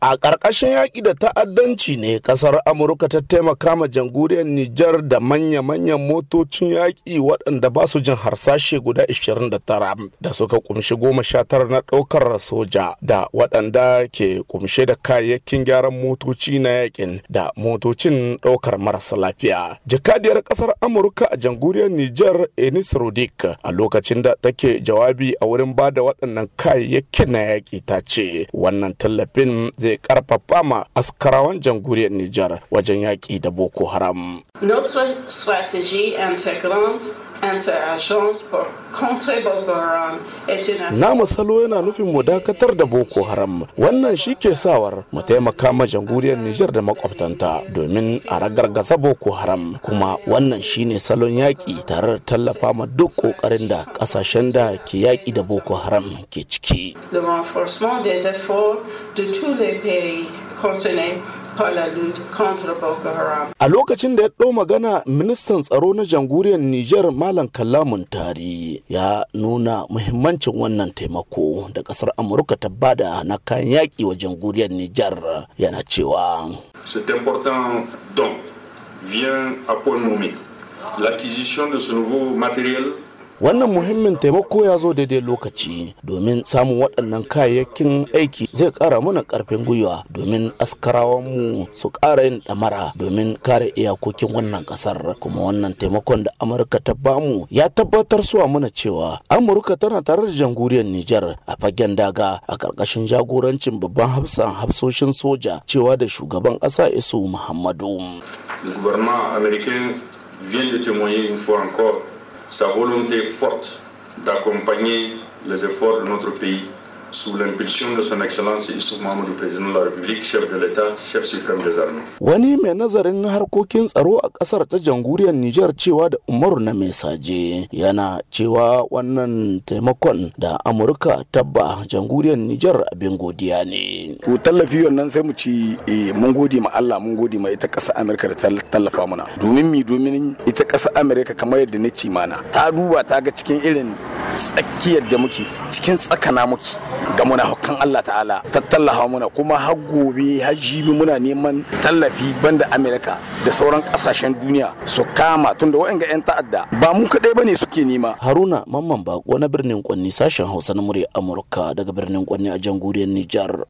A ƙarƙashin yaƙi da ta'addanci ne ƙasar Amurka ta taimaka ma jamhuriyar Nijar da manya-manyan motocin yaƙi waɗanda ba su jin harsashe guda 29 da suka ƙunshi goma sha tara na ɗaukar soja da waɗanda ke kumshe da kayayyakin gyaran motoci na yaƙin da motocin ɗaukar marasa lafiya. Jakadiyar ƙasar Amurka a jamhuriyar Nijar Enis Rodik a lokacin da take jawabi a wurin ba da waɗannan kayayyakin na yaƙi ta ce wannan tallafin zai zai karfafa ma askarawan jamhuriyar Nijar wajen yaƙi da Boko Haram. Notre strategie intégrante Na masalo yana nufin mu dakatar da Boko Haram. Wannan shi ke sawar mu taimaka ma jamhuriyar Nijar da makwabtanta domin a ragargasa Boko Haram. Kuma wannan shi ne salon yaƙi tare da tallafa ma duk ƙoƙarin da ƙasashen da ke yaƙi da Boko Haram ke ciki. A lokacin da ya ɗau magana ministan tsaro na jamhuriyar Nijar Malam Kalamun Tari ya nuna muhimmancin wannan taimako da ƙasar Amurka ta bada na kayan yaƙi wa jamhuriyar Nijar yana cewa. C'est important don vient à point nommé. L'acquisition de ce nouveau matériel wannan muhimmin taimako ya zo daidai lokaci domin samun waɗannan kayayyakin aiki zai ƙara mana ƙarfin gwiwa domin mu su ƙara yin ɗamara domin kare iyakokin wannan ƙasar kuma wannan taimakon da amurka ta bamu ya tabbatar suwa mana cewa amurka tana tare da jamhuriyar nijar a fagen daga a ƙarƙashin jagorancin babban hafsan hafsoshin soja cewa da shugaban ƙasa isu muhammadu Le gouvernement américain vient de témoigner une fois encore sa volonté forte d'accompagner les efforts de notre pays sous l'impulsion de son excellence Issouf Mahamudu président de la République chef de l'État chef suprême des armées wani mai nazarin harkokin tsaro a kasar ta jamhuriyar Nijar cewa da Umaru na Mesaje yana cewa wannan taimakon da Amurka tabba jamhuriyar Nijar abin godiya ne ku tallafi wannan sai mu ci eh, mun gode ma Allah mun gode ma ita kasa Amurka da ta tallafa mana domin mi domin ita kasa Amurka kamar yadda nake ci mana ta duba ta ga cikin irin tsakiyar da muke cikin tsakana muke ga muna hukan Allah ta'ala ta tallafa muna kuma har gobe har jibi muna neman tallafi banda Amerika da sauran kasashen duniya su kama tun da wa'anga 'yan ta'adda ba mu kaɗai bane suke nema. Haruna Mamman Bako na birnin Kwanni sashen Hausa na murya Amurka daga birnin Kwanni a jamhuriyar Nijar.